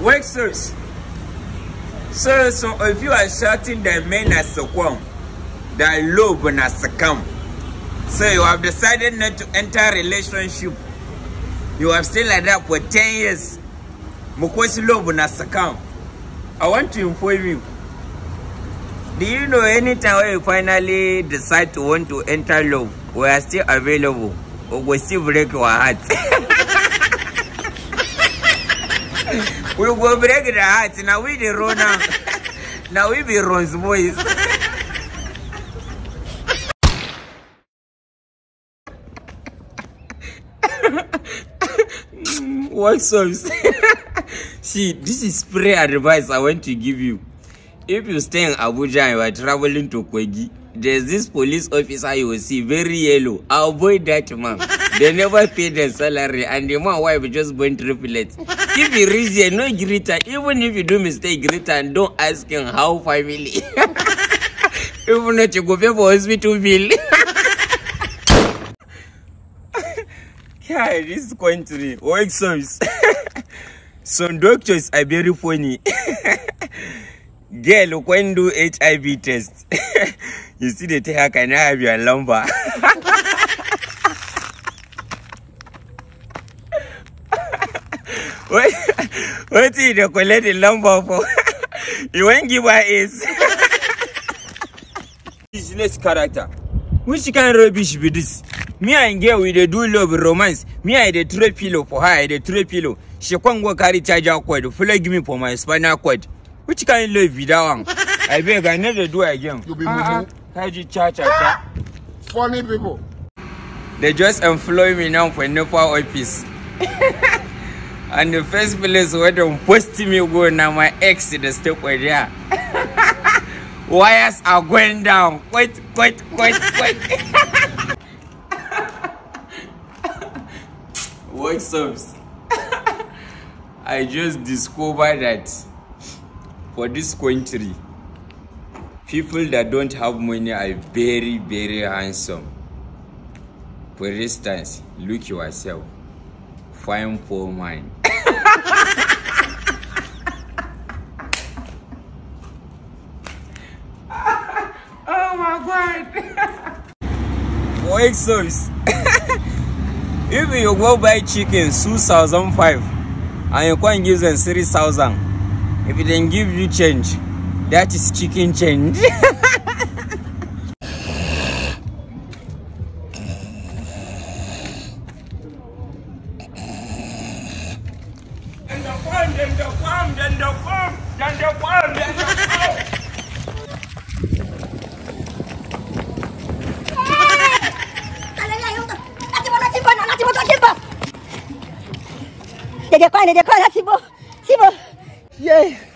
Wake sirs. So, so if you are shouting that men are succumb, that love has succumb, so you have decided not to enter relationship, you have stayed like that for 10 years, because love has succumb, I want to inform you. Do you know anytime when you finally decide to want to enter love, we are still available, or we still break your heart? we will go break the heart. Now we the runner. now. we be run's boys. what up? See, this is spray advice I want to give you. If you stay in Abuja and you are traveling to Kogi, there's this police officer you will see, very yellow. Avoid that man. they never pay their salary and the man wife just born triplets if you reach there, no greeter. Even if you do mistake, greeter and don't ask him how family. Even not you go pay for hospital bill. yeah, this country work service. Some doctors are very funny. Girl, when do HIV test? you see the take can I have your lumber. wetin you dey collect the number for you wan give her ace. business character which kind of rubbish be this me and girl we dey do love romance me i dey throw pillow for her i dey throw pillow she come go carry charger cord give me for my spinal cord which kind of love be that one I beg i no dey do again ah ah kaiji cha cha cha. funny people. they just employ me now for nepa office. And the first place where they post me go now my ex the step where there. Wires are going down. Wait, wait, wait, wait. What's up? I just discovered that for this country, people that don't have money are very, very handsome. For instance, look yourself. Fine poor mind. exos. if you go buy chicken 2005 and you can give them 3000, if they don't give you change, that is chicken change. the farm, the farm, the farm, the farm, the farm. 点，快，点，快，点，起步，起步，耶！